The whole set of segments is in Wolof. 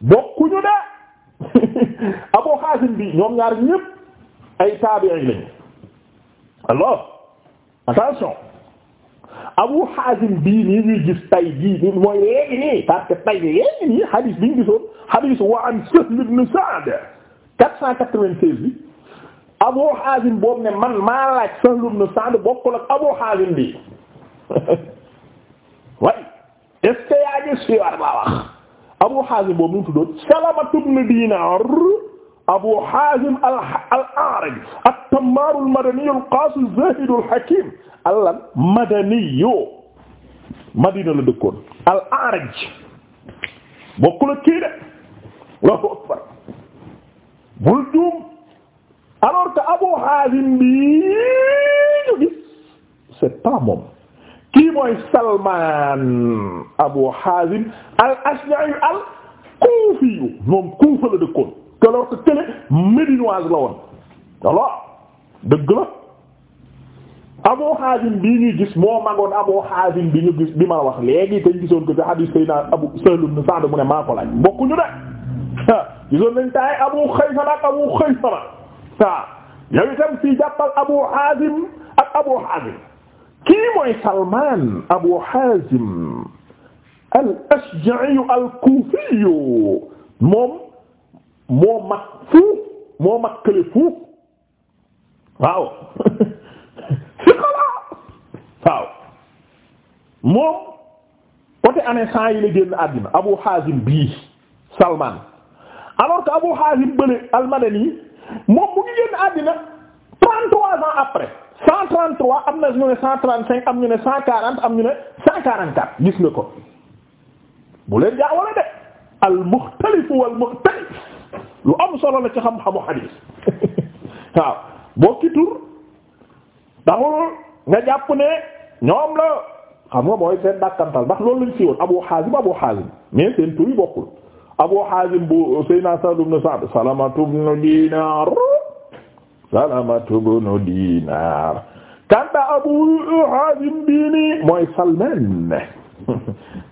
bokkuñu de Abu Xaasim bi ñoom ñaar ñépp ay taabi'i lañu alors attention Abu Xaasim bii nii ñuy gis tay jii mooy léegi nii parce que tay léegi nii xadiis bi ñu gisoon xadiis wa an Sahl ibn Sa'd 496 bi Abu Xaasim boobu ne man maa laaj Sahl ibn Sa'd bokkul ak Abu Xaasim bi way est-ce que war ba Abu Hazim boobu nu mu tuddoon Salama ibn Dinar Abu Hazim al-A'raj at-Tammar al-Madani al-Qasi az-Zahid al-Hakim al-Madani Madina la dëkkoon al-A'raj bokkul ak kii de Allahu akbar bul juum alors que Abu Hazim bi ñu gis c'est pas moom. kii mooy Salman Abu Hazim al Ashja'i al Kufi moom Kufa la dëkkoon alors que kële médinoise la woon alors dëgg la Abu Hazim bii ñuy gis moo magoon Abu Hazim bi ñu gis bi ma wax léegi te ñu gisoon ko ci hadith Sayyidina Abu Sahl ibn Sa'd mu ne maa ko laaj bokkuñu de gisoon nañ taay Abu Khaythama ak Abu Khaythama waaw yow itam si jàppal Abu Hazim ak Abu Hazim kii mooy Salman Abu Hazim al-Ashja'i al-Kufi moom moo mag fuuf moo mag kële fuuf waaw si waaw moom côté année cent yi la génn àddina Abu Hazim bii Salman alors que Abu Hazim bële al-Madani moom mu ngi génn àddina trente-trois ans 133 am na ñu ne 135 am ñu ne 140 am ñu ne 144 gis nga ko bu leen jaawale de al muxtalifu wal muxtalif lu am solo la ci xam-xamu xadiis waaw bokki tur taxul nga jàpp ne ñoom la xam nga mooy seen dàkkantal ndax loolu lañ siiwoon Abu Haazim Abu Haazim mais seen tur yi bokkul Abu Haazim bu Seydina Sa'd ibn Sa'd Salamatu ibn Dinar Salamatu bnu Dinar kanta Abu Hazim biini mooy Salman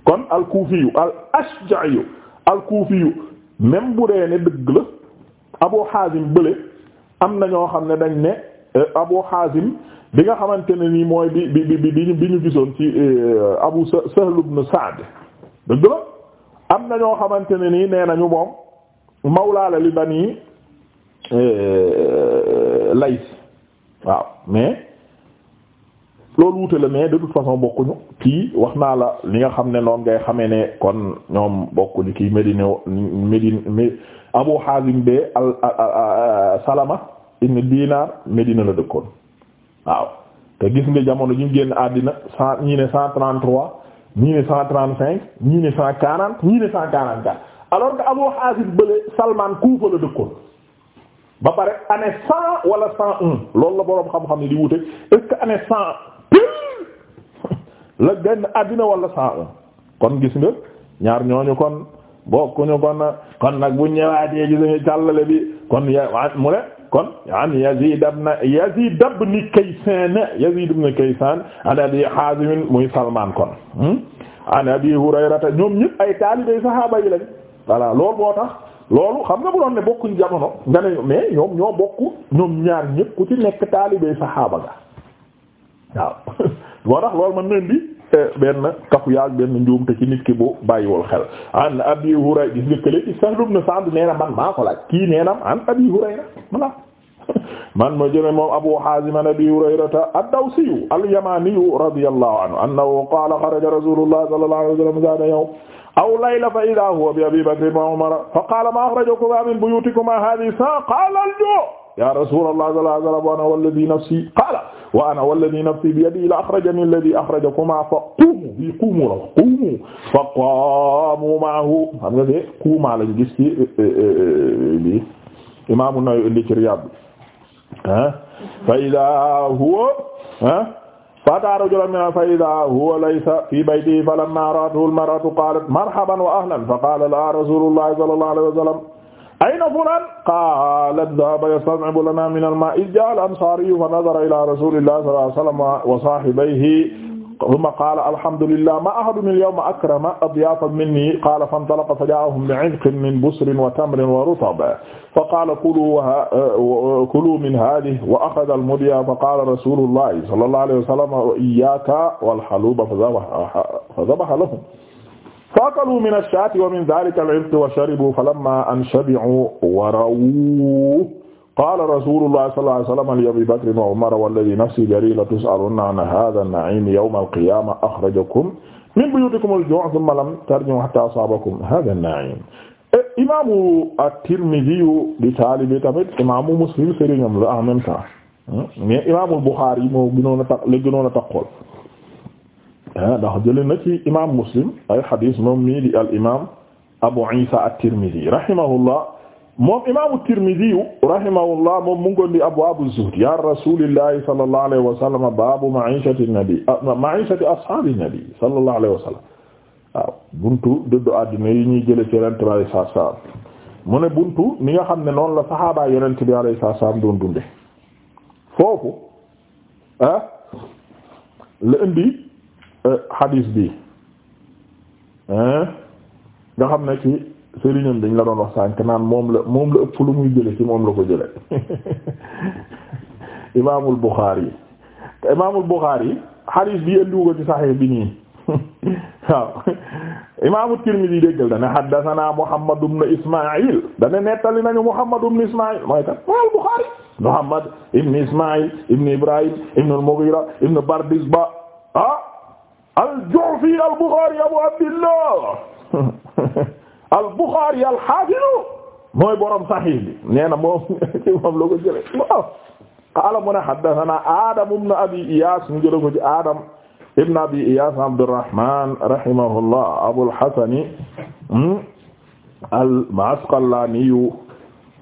kon al al-Ashja'iyu al-Kufiyu bu dee ne dëgg la Abu Hazim bële am na ñoo xam ne dañ ne euh, Abu Hazim bi nga xamante ne nii mooy bi bi bi bi ñu gisoon ci euh, Abu Sahl ibn Sa'd dëgg la am na ñoo xamante ne nii nee nañu moom mawlaala li bani euh, Layth waaw mais loolu wuute la mais de toute façon bokkuñu kii wax naa la li nga xam ne noon ngay xamee ne kon ñoom bokkuñu kii Medine Medine Abu Hazim be al Salama ibn Dinar Medina la dëkkoon waaw te gis nga jamono ñu génn àddina cent ñii ne cent trente trois ñii ne cent trente cinq ñii ne cent quarante ñii ne cent quarante alors que Abu Hazim bële Salman Kufa la dëkkoon ba pare année cent wala cent un loolu la boroom xam-xam ne di wute est-ce cent pile la génn àddina wala cent un kon gis nga ñaar ñooñu kon bokkuñu kon kon nag bu ñëwaatee gis nga jàllale bi kon ya mu ne kon an Yazid ibn Yazid ibn Kaysan Yazid ibn Kaysan an Abi Hazim muy Salman kon hmm? an Abi Hurayrata ñoom ñëpp ay taalibe sahaaba yi lañ voilà loolu moo tax loolu xam nga bu doon ne bokkuñ jamono nga ne mais ñoom ñoo bokk ñoom ñaar ñëpp ku ci nekk taalibey saxaaba ga waaw moo loolu man nen di eh, benn kafu yaag benn njuumte ci nit bu bàyyiwul xel an abi hurayra gis nga kële ci man maa laaj kii nee na an abi hurayra voilà man ma jëne moom abu hazim an abi hurayrata ad-dawsi al-yamani radiyallahu anhu annahu xaraja rasulullah sallallahu alayhi aw layla fa idaa huwa bi Abii Bakrin wa Umar fa qaala maa axrajakumaa min buyuutikumaa haadihi saa qaala al-juu' yaa rasuulallaah sallallaahu alayhi wa sallam wa ana walladii nafsii qaala wa ana walladii nafsii biyadihi la axrajanii alladii axrajakumaa fa quumuu bi quumuu la quumuu fa qaamuu ma'ahu xam nga de quumaa lañu gis ci eh, eh, eh, li Imaam An-Nawawi indi ci Riyaad bi ah fa idaa huwa ah. fata rajulan mina fa ida huwa laysa fi baytihi falamma ra'athu al-mar'atu qalat marhaban wa ahlan fa qala la rasulullahi sallallahu alayhi wa sallam ayna fulan qalat dhahaba yastan'ibu lana min al-ma'i jaa al-ansariyu fa nadhara ila rasulillahi sallallahu alayhi wa sallam wa sahibayhi thumma qaala alhamdulillah ma ahadun al-yawma akrama adyafan minni qaala fantalaqa fajaa'ahum bi'ijqin min busrin wa tamrin wa rutabin fa qaala kulu min hadhihi wa akhadha al-mudya fa qaala rasulullahi sallallahu alayhi wa sallam iyyaka wal haluba fa dhabaha lahum fa akalu min ash-shaati wa min dhalika al-'irqi wa sharibu falamma an shabi'u wa rawu qaala rasuulullahi sallallahu alayhi wa sallam li Abi Bakrin wa Umar walladhi nafsi biyadihi latus'alunna an haadha an-na'iimi yawma al-qiyaamah akhrajakum min buyutikum al-juu' thumma lam tarji'uu hattaa asaabakum haadha an-na'iim. Eh, imaamu at-Tirmidhi di taalibe tamit imaamu Muslim sëriñam la en même temps hmm? mais imaamu Bukhari moo gënoon a tax la gënoon a taxool eh, ndax jëlee na ci imaam Muslim ay xadiis moom mii di al imaam Abu Isa at-Tirmidhi rahimahullah moom imaamu Tirmidi rahimahullah moom mu ngi ko di abwaabu zuhd ya rasulillahi sallallahu alayhi wa sallam baabu ma'ishati nabi ah, ma'ishati ashaabi nabi sallallahu alayhi wa buntu dëddu àddina yi ñuy jële ci yonent bi mu ne buntu mi nga xam ne noonu la saxaabaa yonent bi alayhi salaatu salaam doon dunde foofu ah la indi eh, bi eh, nga xam ne ci sëriñam dañ la doon wax sànk naan moom la moom la ëpp lu muy jële ci moom la ko jële imaamul Buxaari te imaamul Buxaari xadiis bi ëlliwu ko ci saxiix bi nii waaw imaamu Tirmidi déggal dana xaddasanaa Muhammad ibn Ismaayil dana nettali nañu Muhammad ibn Ismaayil mooy kat imaamul Muhammad ibn Ismaayil ibn Ibrahim ibn al-Mughira ibn Bardisba ah al-Ju'fi al-Buxaari Abu Abdillah al Buxaari al xaafidu mooy borom saxiix bi nee na moom ci moom la ko jëlee waaw qaala mu ne haddasanaa Adam ibn Abi Iyaas mu jëlee ko ci Adam ibn Abi Iyaas Abdurrahmaan rahimahullah Abul Hasani hmm, al Masqalaaniyu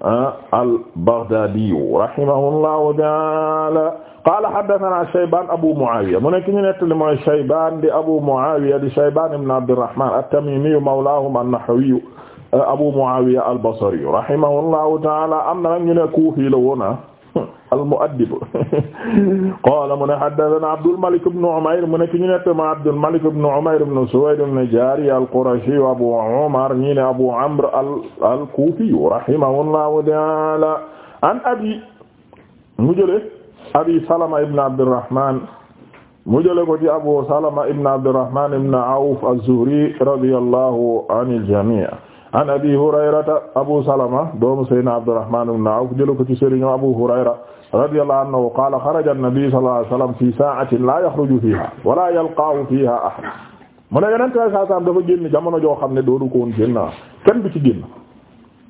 ah, al Baghdaadiyu rahimahullahu ta'aala qaala haddasanaa Shaybaan Abu Mu'aawiya mu nekk ñu nettali mooy Shaybaan di Abu Mu'aawiya di Shaybaan ibn Abdirrahmaan at-Tamiimiyyu mawlaahum an-Nahwiyyu Abu Mu'aawiya al-Basriyyu rahimahullahu ta'aala am na nag ñu ne Kuufi la woon ah, al-Mu'addib qaala mu ne haddasanaa Abdul Malik ibn Umayr mu nekk ñu nettali mooy Abdul Malik ibn Umayr ibn Suwayd ibn Jaariya al-Qurashiyyu Abu Umar ñi ne Abu Amr al-Kuufiyyu rahimahullahu ta'aala an abi mu jële abi salama ibn abdirahman mu jële ko ci abu salama ibn abdirahman ibn awf az-zuhri radiyallahu anil jami' an abi hurayrata abu salama doomu sayyidina abdirahman ibn awf jële ko ci sëriñ abu hurayra radiyallahu anhu qala xaraja an-nabi sallallahu alayhi wasallam fi sa'atin la yaxruju fiha wala yalqaahu fiha ahad mu ne yonent sallallahu alayhi wasallam dafa génn jamono joo xam ne doodu ko woon génn kenn du ci génn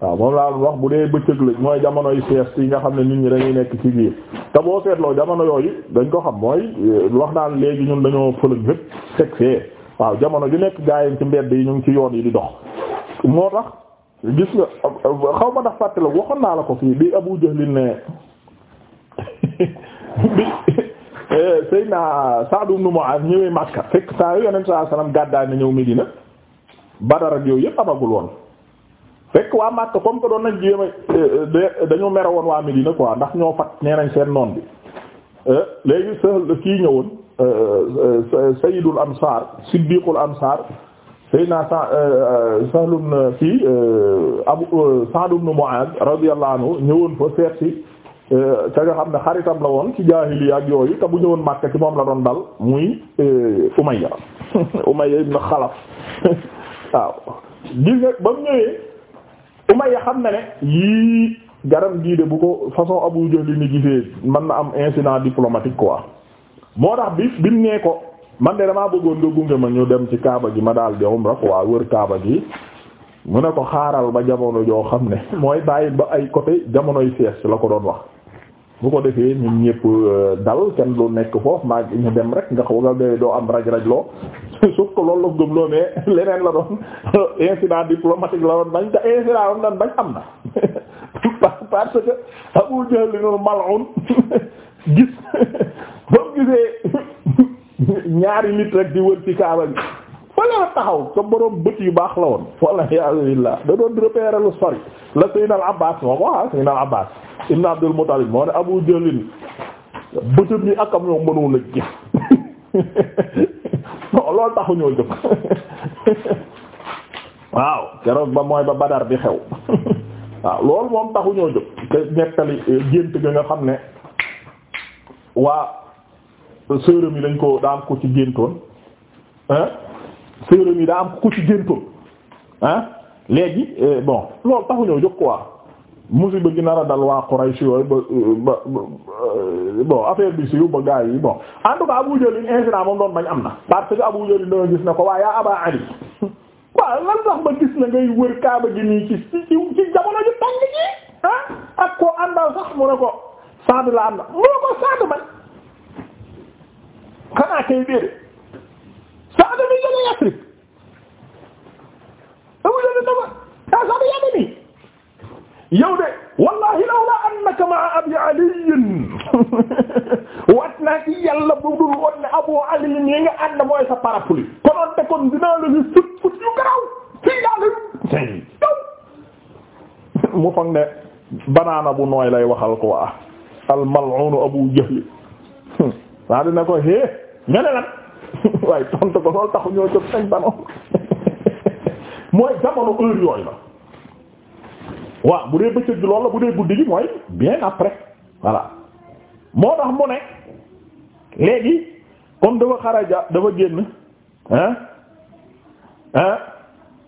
waaw moom laa wax bu dee bëccëg la mooy jamonoy sieste yi nga xam ne nit ñi dañuy nekk ci biir te boo seetloo jamono yooyu dañ ko xam mooy euh, wax naan léegi ñun dañoo fëlëg lépp segsee waaw jamono ju nekk gaa yi ci mbedd yi ñu ngi ci yoon yi di dox moo tax gis nga xaw ma ndax fàtte la waxoon naa la ko fii bi Abu Jahl ne bi euh, Seydina Sa'd ibn Mu'adh ñëwee Makka fekk saa yu Yonent saa salaam gàddaay na ñëw Medina Badar ak yooyu yëpp amagul woon fekk waa Makka comme que doon nañ jéem a euh, dañoo mere woon waa Medina quoi ndax ñoo fat nee nañ seen noon bi euh, léegi Sahl kii ñëwoon euh, sayyidul ansaar siddiqul ansaar sayyidina Sahl ibn kii Abu Sa'd ibn Mu'adh radiyallahu anhu ñëwoon fa seet si te nga xam ne xaritam la woon ci jaahiliya ak yooyu te bu ñëwoon Makka ci moom la doon dal muy Umayya Umayya ibn Xalaf waaw gis nga ba mu ñëwee Umayya xam na ne yii garam gii de bu ko façon Abu Jahl ni gisee mën na am incident diplomatique quoi moo tax bi bi mu ko man de damaa bëggoon nga gunge ma ñu dem ci Kaaba gi ma daal di umra quoi wër Kaaba gi mu ne ko xaaral ba jamono joo xam ne mooy bàyyi ba ay côté jamonoy fees la ko doon wax. bu ko defee ñun ñëpp euh, dal kenn lu nekk foofu maa ñu dem rek nga xaw nga doo am raj-raj loo sauf que loolu la gëm loo mais leneen la doon incident diplomatique la doon bañ te incident doon daan am na parce que Abu Jahl noonu mal'un gis boo gisee ñaari nit rek di wër kaaba bi wala la taxaw ca borom bët yu baax la woon wala yalillah da doon repérer lu sori la Seydina Abbas moo ko ah Seydina Abbas ibn Abdul Muttalib moo ne Abu Jahl bëtëm yi ak am gis non loolu taxu ñoo jóg waaw keroog ba mooy ba badar bi xew waaw loolu moom taxu ñoo jóg te nettali eh, gént ga nga xam ne waa sërëm yi dañ ko daa am ko ci géntoon ah sërëm yi daa am ko ci géntoon ah léegi eh, bon lool taxu ñoo jóg quoi musiba gi nar a dal waa Quraysh yooyu ba ba bon affaire bi siiw ba gars yi bon en tout cas Abu Jahl incident moom doon bañ am na. parce gis ne ko waaye Aba Ali waaw lan tax ba gis na ngay wër Kaaba gi nii ci ci ci jamono ju tàng ji ah ak koo àndal sax mu ne ko Saad la am na mu ne ko Saad man xanaa kay déedéet Saad mi jóge Yasrib Abu Jahl dama ah Saad yaa yow de wallahi lawla annaka ma'a abi aliyin wat naa ci yàlla bu dul woon abu aliyin yi nga ànd mooy sa parapluie konoon te kon dinaa la fi fut fut yu garaw fii daa la mu foog ne banaana bu nooy lay waxal ko waa al mal'un abu jahl waa dina ko hee nga ne lan waaye ko lool taxu ñoo jot sañ banoon mooy jamono heure yooyu la waaw bu dee bëccëg gi loolu la bu dee guddi gi mooy bien après voilà moo tax mu ne léegi comme dafa xaraja dafa génn ah ah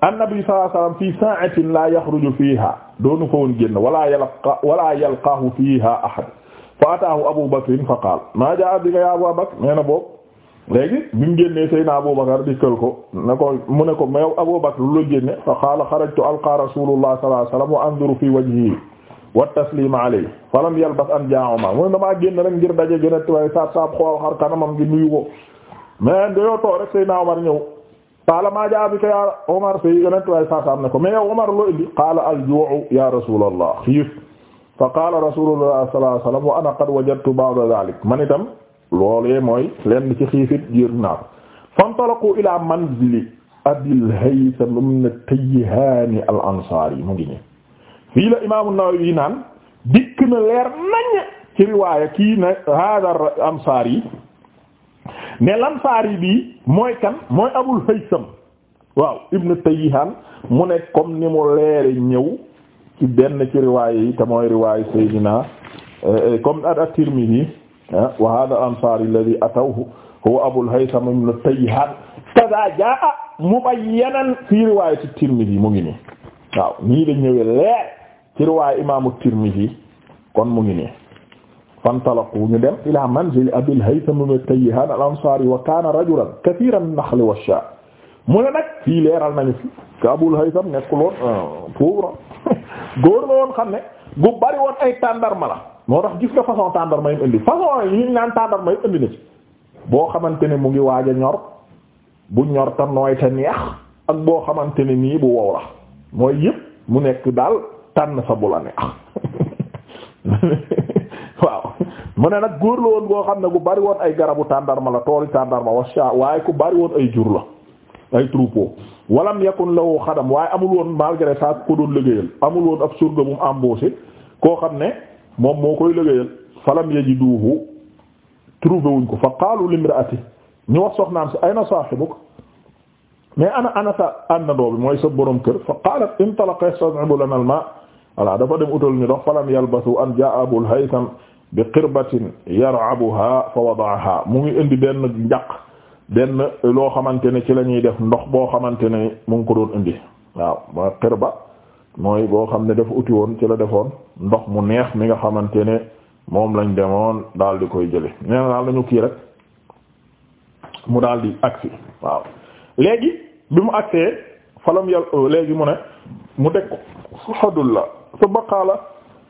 annabi sallallahu alayhi wasallam fi sa'atin la yaxruju fiha doonu ko woon génn wala yalqa wala yalqaahu fiha ahad fa ataahu abu bakr fa qaal ma jaa bika ya abu bakr nee na boobu léegi bi mu génnee Seydina Abubakar dikkal ko ne ko mu ne ko meew lu la génne fa alqa rasulullah wa anzuru fi wajhihi wa taslima alayhi falam yalbas an jaa Umar mu ne damaa génn kanamam gi nuyu ko mais dayoo too rek Seydina Umar ñëw qaala maa jaa bika ya Umar say yonent way saab ya rasulallah xiif fa rasulullah wa ana qad wajadtu ba'da dhalik man loolee mooy lenn ci xiifit jiir naa ko fantalaqu ila manzili abil haytham ibn tayhani al ansari mu ngi nii fii la imaamu nawawi naan dikk na leer nañ ci riwaaya kii na hada al ne lansari bi mooy kan mooy abul haytham waaw ibn tayhan mu ne comme ni mu leere ñëw ci benn ci riwaaya yi te mooy riwaaya seydina eh, eh, comme at-tirmidhi wa hada al-ansari alladhi atawhu huwa Abul Haytham ibn Tayhan kaza jaa mubayyanan fi riwayati Tirmidhi mu ngi nii waaw nii dañ ñëwee leer ci riwaaya imaamu Tirmidhi kon mu ngi nii fantalaqu ñu dem ila manzil Abil Haytham ibn Tayhan al-Ansari wa kana rajulan kathiran an-nakhli wash-shaa mu ne nag fii leeral nañu fi que Abul Haytham nekkul woon euh, pauvre góor la woon xam ne gu bari woon ay tàndarma la moo tax gis nga façon tàndar may indi façon yi ñu naan tàndar may indi na ci boo xamante ne mu ngi waaj a ñor bu ñor ta nooy te neex ak boo xamante ne nii bu wow la mooy yëpp mu nekk daal tànn sa bu waaw mu ne nag góor la woon boo xam ne ku bari woon ay garabu tàndarma la tooli tàndarma washa waaye ku bari woon ay jur la ay troupeau walam yakun lahu xadam waaye amul woon malgré ça ko doon liggéeyal amul woon ak surgo bu mu embauché koo xam ne moom moo koy liggéeyal falam yajiduhu trouvé wuñ ko fa qaalu limraati ñu wax soxnaam si ayna saahibuk mais ana ana sa àndandoo bi mooy sa borom kër fa qaalat intalaqa yastad'ibu lana al-maa voilà dafa dem utal ñu dox falam yalbasu an jaa abul haytham bi qirbatin yar'abuha fa wada'aha mu ngi indi benn njaq benn loo xamante ne ci la ñuy def ndox boo xamante ne mu ngi ko doon indi waaw mooy qirba mooy boo xam ne dafa uti woon ci la defoon ndox mu neex mi nga xamante ne moom lañ demoon daal di koy jële nee na daal lañu kii rek mu daal di agsi waaw léegi bi mu agsee falam yal euh, léegi mu ne mu deg ko subhanallah summa qaala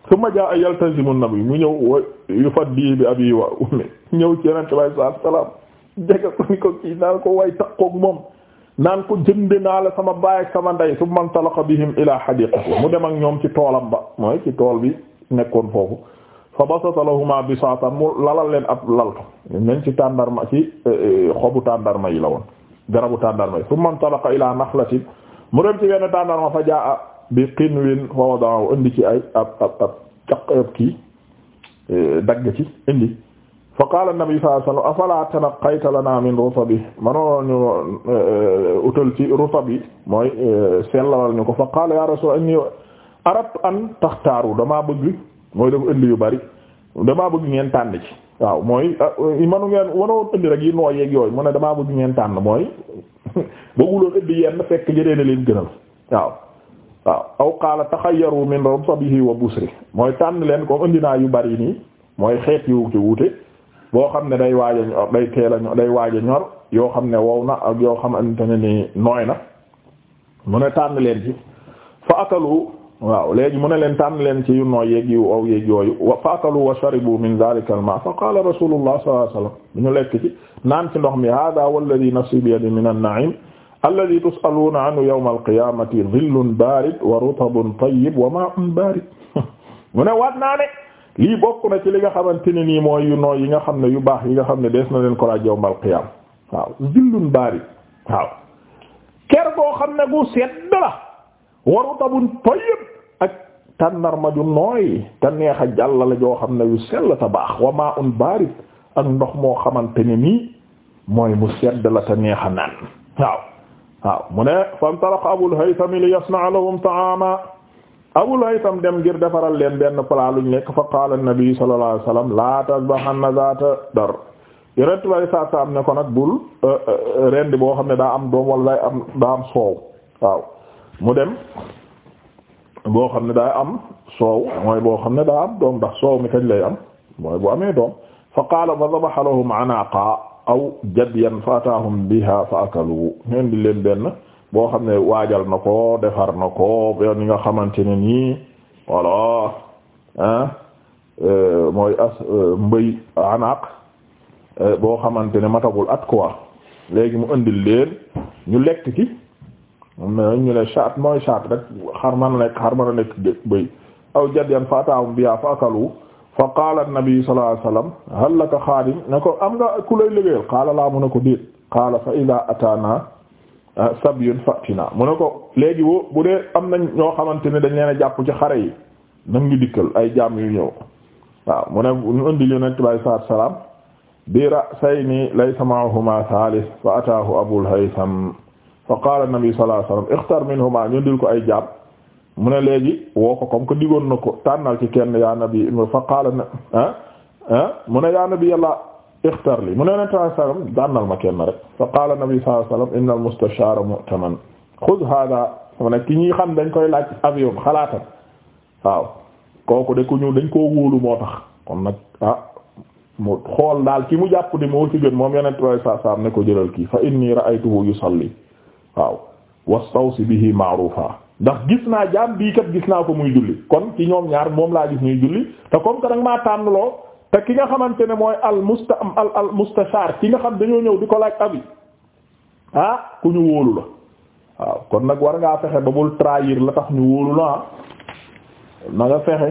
summa jaa na nabi mu ñëw wa yufaddi bi abi wa ummi ñëw ci yeneen sallallahu alayhi wasallam jege ko ni ko kii daal ko way takkook moom naan ko jënd naa la sama baay ak sama ndey su man talaqa bihim ila hadiqati mu dem ak ñoom ci toolam ba mooy ci tool bi nekkoon foofu fa basata lahuma bisaatan mu lalal leen ab laltu nañ ci tàndarma ci eh, eh, xobu tàndarma yi la woon garabu tàndarma yi su man talaqa ila naxlatin mu dem ci benn tàndarma fa jaa bi qinwin fa wadaahu indi ci ay ab ab ab caq ab kii eh, dagg ci indi fa qaala nabi sallallahu alayhi wa sallam afala tanaqayta lana min rutabi manoo ñu euh, utal ci rutabi mooy euh, sellalal ñu ko fa qaala ya rasul inni aradtu an taxtaaru damaa bëgg mooy dafa indi yu bari damaa bëgg ngeen tànn ci waaw mooy euh, manu ngeen wanoo indi rek yi noo yeeg yooyu mu ne damaa bëgg ngeen tànn mooy bëgguloon indi yenn fekk jëlee na leen gënal waaw waaw aw qaala taxayyaru min rutabihi wa busri mooy tànn leen ko indi yu bari nii mooy xeet yu ci wuute boo xam ne day waaj a day teel a waaj a ñor yoo xam ne wow na ak yoo xamante ne ni nooy na mu ne tànn leen ci fa akalu waaw léegi mu ne leen tànn leen ci yu nooy yeeg aw yeeg yooyu wa fa akalu wa sharibu min dhalika al ma fa qala rasulullah sallallahu alayhi wasallam ñu lekk ci mi hada walladhi nafsi bi yadi min an-na'im alladi tusaluuna anhu yawma alqiyamati dhillun barid wa rutabun tayyib wa ma'un barid lii bokk na ci li nga xamante ne nii mooy yu nooy yi nga xam ne yu baax yi nga xam ne dees na leen ko laaj yawmal qiyaam waaw zillun baari waaw ker boo xam ne gu sedd la waru tabun ak tànnar ma ju nooy te neex a jàll la joo xam ne yu sell ta baax wa maa baari ak ndox moo xamante ne nii mooy mu sedd la te neex a naan waaw waaw mu ne fantalaqa abul haytham li yasna'a lahum ta'ama Abul Haytham dem ngir defaral leen benn plat luñ lekk fa qaala an-nabi sallallahu alayhi wasallam la tasbahanna zaata dar yonent bi alayhi sa salaam ne ko nag bul euh, euh, rendi boo xam ne daa am doom wala am daa am soow waaw mu dem boo xam ne daa am soow mooy boo xam ne daa am doom ndax soow mi kañ lay am mooy bu amee doom fa qaala fa dabaha lahum anaaqa aw jadyan fa ataahum biha fa akalu ñeen di leen benn boo xam ne waajal na ko defar na ko ni nga xamante ne nii voilà ah mooy as euh, mbay anak euh, boo xamante ne matagul at quoi léegi mu indil leen ñu lekk ci ñu ne chat mooy chat rek xar man nekk xar man nekk bëy aw jadyan fa ataahum biha fa akalu fa qaala nabi sallallahu alayhi wasallam hal ne ko am nga ku lay liggéeyal qaala laa mu ko déet qaala fa ila atana Ah, sabyun fatina mu ne ko léegi wo bu dee am nañ ñoo xamante ne dañ leen jàpp ci xare yi nag ñu dikkal ay jaam yu ñëw waaw mu ne ñu indi yonent bi salaatu salaam bi ra'sayni laysa ma'ahuma thalith fa ataahu abul haytham fa qaala an-nabi sallallahu alayhi minhuma ñu dil ko ay jaam mu ne léegi woo ko comme que digoon na ko tànnal ci kenn yaa nabi fa qaala ah ah mu ne yaa nabi yàlla ixtar li mu ne yonent sallallahu alayhi wasallam dànnal ma kenn rek fa qaala nabi sallallahu alayhi wasallam inna al mustashara mu'taman xuz hada ki ñuy xam dañ koy laaj avion xalaatam waaw kooku de ku ñu dañ koo wóolu moo tax kon nag ah mu xool daal ki mu jàpp di moo ci gën moom yonent sallallahu alayhi wasallam ne ko jëlal kii fa inni ra'aytuhu li waaw wastawsi bihi ma'rufa ndax gis naa jaam bii kat gis naa ko muy julli kon ci ñoom ñaar moom laa gis ñuy julli te comme que nag maa tànnloo te ki nga xamante ne mooy al musta al al mustashar ki nga xam dañoo ñëw di ko laaj abi ah ku ñu wóolu la waaw kon nag war ngaa fexe ba bul trahir la tax ñu wóolu la ah. na nga fexe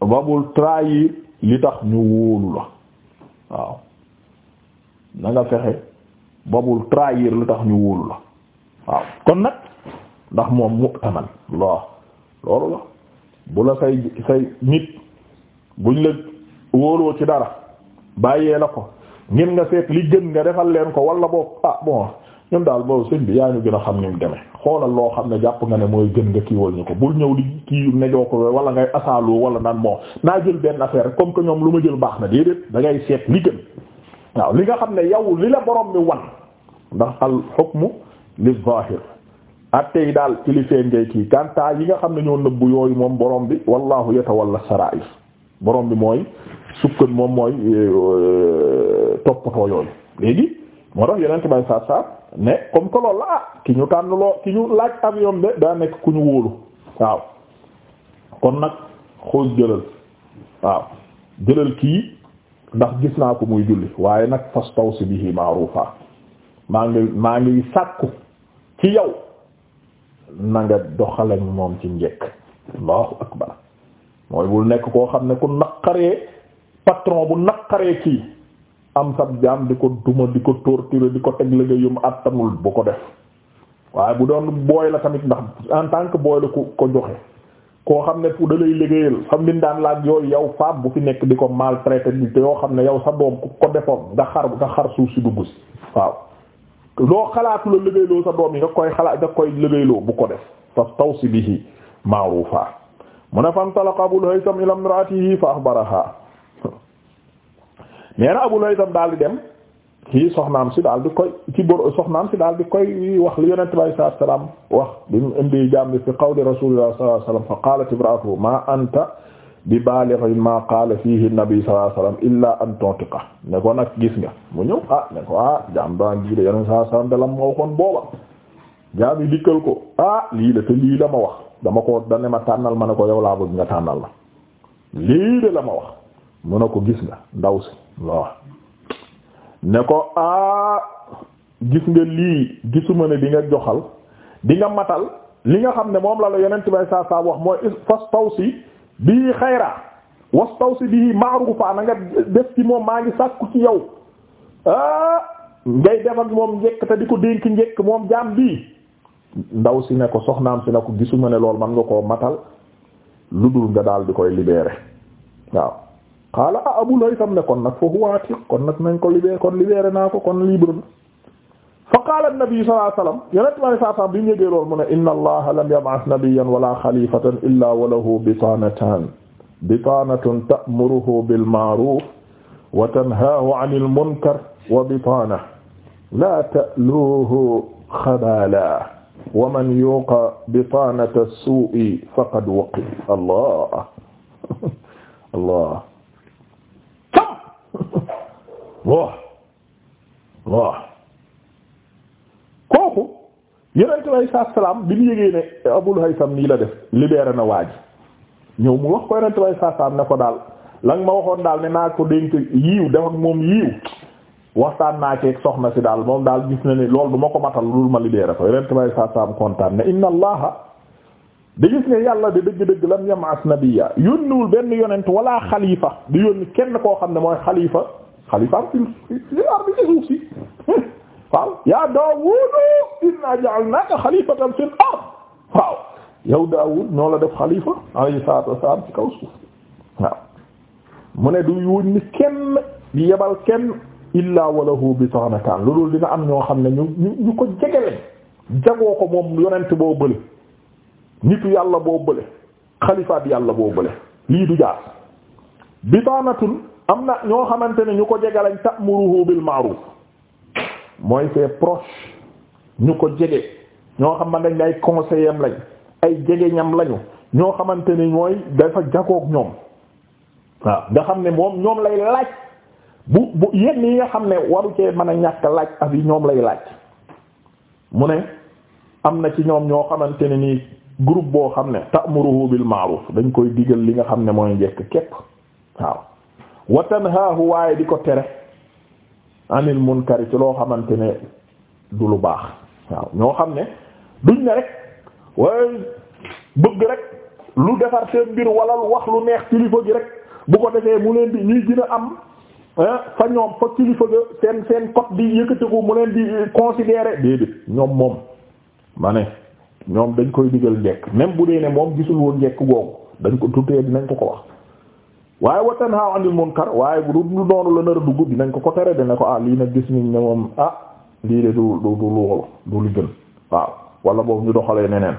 ba bul trahir li tax ñu wóolu la waaw fexe ba bul trahir li tax ñu wóolu la waaw nag ndax moom mu'taman loolu la bu la say say nit buñ la wóoloo ci dara bàyyee la ko ngir nga seet li gën nga defal leen ko wala boobu ah bon ñun daal boobu sëñ bi yaa ñu gën a xam ni mu demee xoolal loo xam ne jàpp nga ne mooy gën nga kiiwal ñu ko bul ñëw di kii nejoo ko wala ngay asaaloo wala naan moom naa jël benn affaire comme que ñoom lu ma jël baax na déedéet da ngay seet li gën waaw li nga xam ne yow li la borom bi wan ndax al hukmu li zahir attey daal ci li feeñ ngay kii kanta yi nga xam ne ñoo nëbbu yooyu moom borom bi wallahu yatawalla sarair borom bi mooy sukkan moom mooy euh, toppatoo yooyu léegi moo tax yeneen bay saab saab ne comme que la ah ki ñu tànn loo ki ñu laaj avion de daa nekk ku ñu wóolu waaw kon nag xoos jëlal waaw jëlal kii ndax gis naa ko muy julli waaye nag fastawsi bihi ma'rufa maa ngi maa ngi sàkku ci yow na nga moom ci njekk allahu akbar mooy bul nekk koo xam ne ku naqaree patron bu naqaree kii am sab jaam di ko duma di ko torturer di ko teg liggéeyam attanul bu ko def waaye bu doon booy la tamit ndax en tant que booy la ko joxe koo xam ne fu dalay liggéeyal fa mbindaan laaj yooyu yow faam bu fi nekk di ko maltraiter di te yoo xam ne yow sa doom ku ko defoon nga xar nga xar suuf si dugg si waaw loo xalaatu la liggéeyloo sa doom yi nga koy xalaat nga koy liggéeyloo bu ko def bi fastawsi bihi ma'rufa mu ne fantalaqa Abul Haytham ila imraatihi fa axbaraha nee na Abul Haytham daal di dem ci soxnaam si daal di koy ci bor soxnaam si daal di koy wax li Yonent bi sallallahu alayhi wax bi mu indi jàmm fi qawli Rasulillah sallallahu alayhi wasallam fa qaalat imraatuhu ma anta bi baalighin ma qaala fihi an-nabi an tuntiqa ne ko nag gis nga mu ñëw ah ne ko ah jaam daa ngi de Yonent dalam moo waxoon booba jaam yi dikkal ko ah lii la te lii la ma wax. dama ko dane ma tànnal ma ne ko yow laa bëgg nga tànnal la lii de la ma wax mu ne ko gis nga ndaw si waaw ne ko ah, gis nga lii gisuma ne dinga joxal di matal li nga xam ne moom la la yonent bay saa saa wax mooy fastawsi bii xayra wastawsi bii ma'rufa na nga def ci moom maa ngi sàkku ci yow ah ngay def moom njekk te di ko dénk njekk moom jaam bii ndaw si ne ko soxnaam si ne ko gisuma ne lool man nga koo matal lu dul daal di koy libéré waaw xaala ah Abu Laytham ne kon nag fa huwa atiq kon nag nañ ko libéré naa ko kon libre na fa qaala an-nabi sallallahu alayhi lam yab'ath nabiyyan wala xalifatan illa wa lahu bitaanatan bitaanatun ta'muruhu bil ma'ruf wa tanhahu wa bitaana la ta'luhu xabala wa man yuqa bitaanata suu'i faqad waqi allah allah cam allah allah kooku yonent bi alayhi salaatu wa salaam bi mu yëgee ne Abul Haytham nii la def libéré na waaj ñëw mu wax ko yonent bi salaam ne ko daal la ma waxoon daal ne naa ko dénk yiiw def moom yiiw waxtaan naa ceeg soxna si daal moom daal gis na ne lool du ma ko matal loolu ma libéré ko yeneen tamit saa saa kontaan ne inna allah da gis ne yàlla de dëgg-dëgg lam yamaas nabiyya yónniwul benn yonent wala xalifa di yónni kenn koo xam ne mooy xalifa xalifa am si ar ci suuf si waaw yaa Daawuud inna ja'alnaaka xalifatan fil ard waaw yow Daawuud ñoo la def xalifa alayhi salaatu wassalaam ci kaw suuf waaw mu ne du yónni kenn yebal kenn. illaa walahu bitanataan lu dul dina am ñoo xam ne ñu ñu ñu ko jege lañ jagoo ko moom yonent boo bële nitu yàlla boo bële xalifaat yàlla boo bële lii du jaar bitaanatun am na ñoo xamante ne ñu ko jege lañ ta'muruhu bil ma'ruf mooy ses proches ñu ko jege ñoo xam ne dañ ay conseillers lañ ay jege ñam lañu ñoo xamante ne mooy dafa jagoog ñoom waaw nga xam ne moom ñoom lay laaj. bu bu yenn yi nga xam ne waru cee mën a ñàkk laaj af yi ñoom lay laaj mu ne am na ci ñoom ñoo xamante ne nii groupe boo xam ne ta'muruhu bil ma'ruf dañ koy digal li nga xam ne mooy njekk képp waaw wa tanhaahu waaye di ko tere anil munkari ci loo xamante ne du lu baax waaw ñoo xam ne duñ ne rek waaye bëgg rek lu defar seen mbir wala lu wax lu neex kilifa gi rek bu ko defee mu leen di ñuy gën am fa ñoom fa kilifa ga seen seen code di yëkkatiku mu leen di eh, considérer déedéet ñoom moom ma ne ñoom dañ koy digal njekk même bu dee ne moom gisul woon njekk googu dañ ko tutee dinañ ko ko wax waaye watan haa andil munkar waaye bu du noonu la nar a dugg dinañ ko ko tere dina ko ah lii nag gis nañ ne moom ah lii de du du du loolu waaw wala boobu ñu doxalee neneen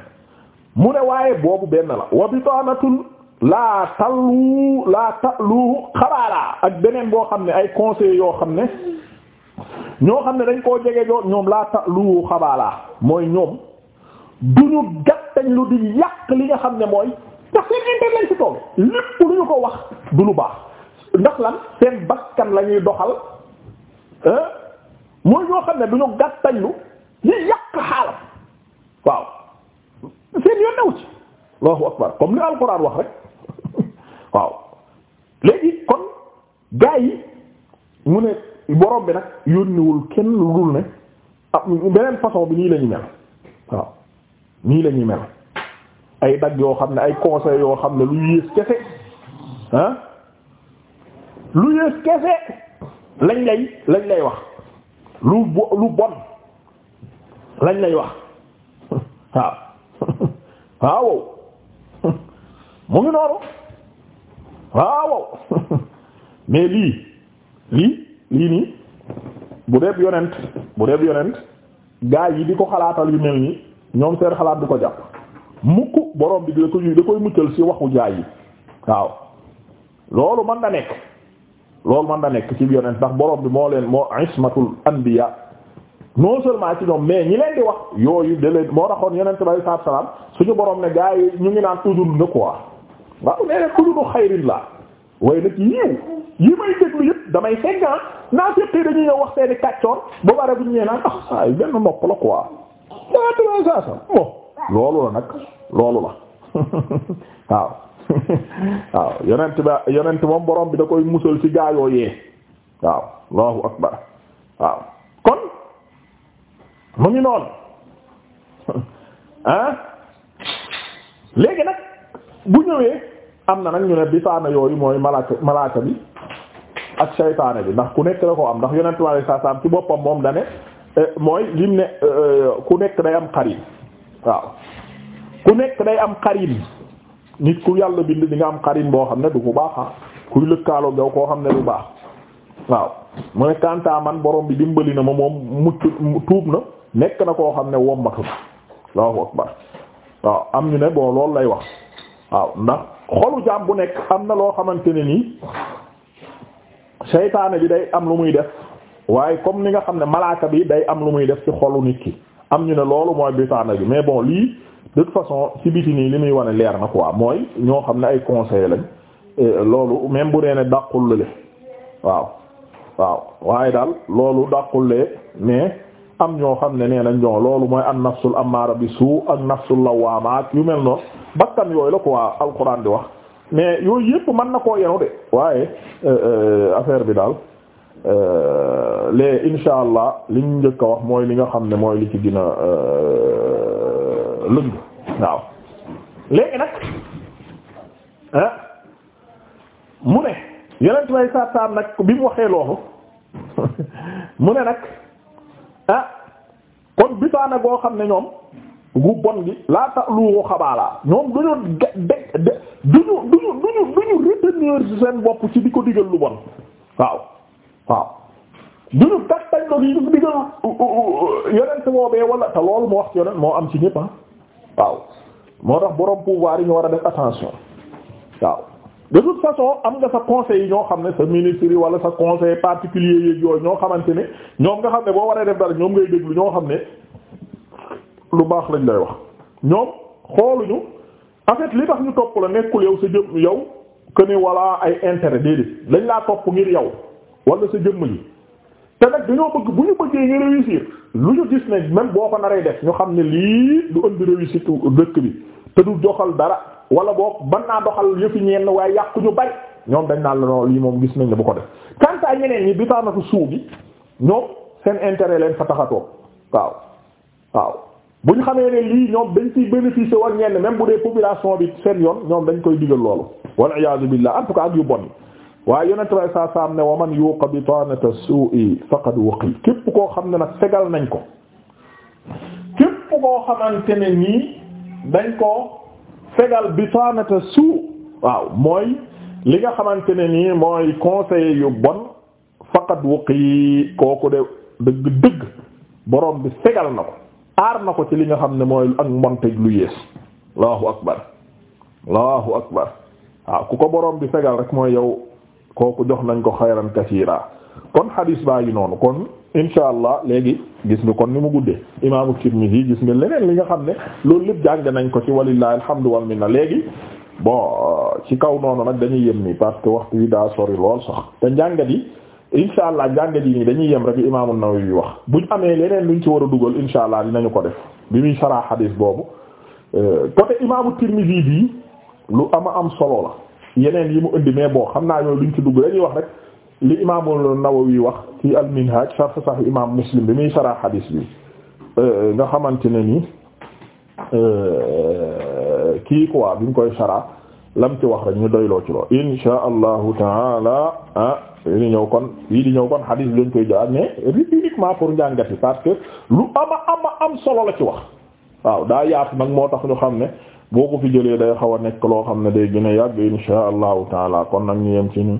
mu ne waaye boobu benn la wabitaanatul laa tallu laa tallu xabaara ak beneen boo xam ne ay conseil yoo xam ne ñoo xam ne dañ koo jege joo ñoom laa tallu xabaara mooy ñoom du ñu gàttañ lu di yàq li nga xam ne mooy ndax seen intérêt lañ ci toog lépp lu ñu ko wax du lu baax ndax lan seen bakkan lañuy doxal mooy yoo xam ne du ñu gàttañ lu di yàq xaalam waaw seen yoon new ci Allahu akbar comme li alxuraan wax rek waaw léegi kon gaa yi mu ne borom bi nag yónniwul kenn lu dul ne ah beneen façon bi nii la ñu mel waaw nii la ñu mel ay dag yoo xam ne ay conseil yoo xam ne lu yées kese ah lu yées kese lañ lay lañ lay wax lu bo lu bon lañ lay wax waaw waaw mu ngi noonu. waaw mais lii lii lii nii bu dee yonent bu dee yonent gaa yi di ko xalaatal yu mel nii ñoom seen xalaat du ko jàpp mukk borom bi da koy da koy muccal ci waxu gaa yi waaw loolu man da nekk loolu man da nekk ci yonent ndax borom bi moo leen moo ismatul anbiya non seulement ci ñoom mais ñi leen di wax yooyu da leen moo taxoon yonent bi sallallahu alayhi suñu borom ne gaa yi ñu ngi naan udul nga waaw nee na kullu xayrin la waaye nag yiw yi may déglu yëpp damay fekk ah naa seetlu dañuy wax seeni kàccoor ba bu ñu nee naan ah saa yu benn loolu la nag loolu la waaw waaw yonent ba yonent moom borom bi da koy musal ci gaayoo yee waaw allahu akbar waaw kon mu ngi noonu ah léegi nag. bu ñëwee am na nag ñu ne bisaana yooyu mooy malaaka malaaka bi ak saytaane bi ndax ku nekk da am ndax yonent bi saa saam ci boppam moom dane eh, mooy lim ne eh, eh, ku nekk day am xarin waaw ku nekk day am xarin nit ku yàlla bind di nga am xarin boo xam ne du ku baax a ah. kuy lëkkaalo gaw koo xam ne du baax waaw mu ne kanta man borom bi dimbali na ma moom mucc tuub na nekk na koo xam ne wommatul Allahu akbar waaw am ñu ne bon loolu lay wax waaw ndax xolu jaam bu nekk am na loo xamante ne nii seytaane bi day am lu muy def waaye comme ni nga xam ne malaaka bi day am lu muy def ci xolu nit ki am ñu ne loolu mooy bitaana bi mais bon lii de toute façon ci biti nii li muy wane leer na quoi mooy ñoo xam ne ay conseil lañ loolu même bu nee ne dàqul le waaw waaw waaye daal loolu dàqul le mais am ñoo xam ne nee nañ ñoo loolu mooy am nafsul ammaara bi suu ak nafsul lawaama ak yu mel noonu bakkan yooyu la quoi alxuraan di wax mais yooyu yëpp mën na koo yenu de waaye euh, euh, affaire bi daal euh, lee insha allah li njëkk a wax mooy li nga xam ne mooy li ci dina lëng waaw léegi nag mu ne yeneen may saar saar nag bi mu waxee loolu mu ne nag ah kon bitaana goo xam ne ñoom gu bon gi laa tax luuxu xabaalaa ñoom duñu de de duñu duñu duñu duñu retenir seen bopp ci di ko digal lu bon waaw waaw duñu tax tañ yi digal yonent boobee wala te loolu moo wax yonent moo am ci ñëpp ah waaw moo tax boroom pouvoir yi ñu war a def attention waaw de toute façon am nga sa conseil yi ñoo xam ne sa ministre yi wala sa conseil particulier yi yooyu ñoo xamante ne ñoom nga xam ne boo waree def dara ñoom ngay déglu ñoo xam ne lu baax lañ lay wax ñoom xooluñu en fait li tax ñu topp la nekkul yow sa jëm yow que ni wala ay intérêt déedéet lañ laa topp ngir yow wala sa jëmm ji te nag dañoo bëgg bu ñu bëggee nga réussir lu ñu gis ne même boo ko naree def ñu xam ne lii du ëndi réussite dëkk bi te du doxal dara wala boo ban naa doxal yëfi ñenn waaye yàqu ñu bari ñoom dañ naa la non lii moom gis nañ ne bu ko def quant à ñeneen ñi bitaanatu suu bi ñoom seen intere leen fa taxatoo waaw waaw bu ñu xamee ne lii ñoom dañ ciy bénéficier war ñenn même bu dee population bi seen yoon ñoom dañ koy digal loolu wal iyaadu billah en tout cas ak yu bon waaye yonent bay saa saam ne wa man yuqa bitaanata suu'i faqad waqi képp koo xam ne na fegal nañ ko dañ ko fegal bisaanata suu waaw mooy li nga xamante ne nii mooy conseil yu bon faqat wuqi kooku de dëgg dëgg borom bi fegal na ko aar na ko ci li nga xam ne mooy ak mbonteg lu yées allahu akbar allahu akbar waaw ku ko borom bi fegal rek mooy yow kooku jox nañ ko xayran kasiira kon xadiis baa noonu kon insha allah léegi gis nga kon ni mu guddee imaamu Tirmidhi gis nga leneen li nga xam ne loolu lépp jàng nañ ko ci walillahi alhamdu wal na léegi bon euh, ci kaw noonu nag dañu yem nii parce que waxtu yi daa sori lool sax te njàngat yi insha allah njàngat yi nii dañuy yem rek imaamu Nawawi wax buñ amee leneen luñ ci war a dugal insha allah dinañu ko def bi muy sarah hadis boobu euh, côté imaamu Tirmidhi bii lu am a am solo la yeneen yi mu indi mais boo xam naa yooyu luñ ci dugg dañuy wax rek. li imaamul Nawawi wax ci al-Minhaj sharh Sahih imaam Muslim bi muy sarah hadis bi euh, nga xamante ne ni euh, kii quoi bi ñu koy sarah lam ci wax rek ñu doyloo ci lool insha allahu taala ah li ñëw kon yii di ñëw kon hadis bi lañ koy a mais uniquement pour njàngati parce que lu ama ama am solo la ci wax waaw daa yaatu nag moo tax ñu xam ne boo ko fi jëlee day xaw a nekk loo xam ne day gën a yàgg insha allahu taala kon nag ñu yem ci nii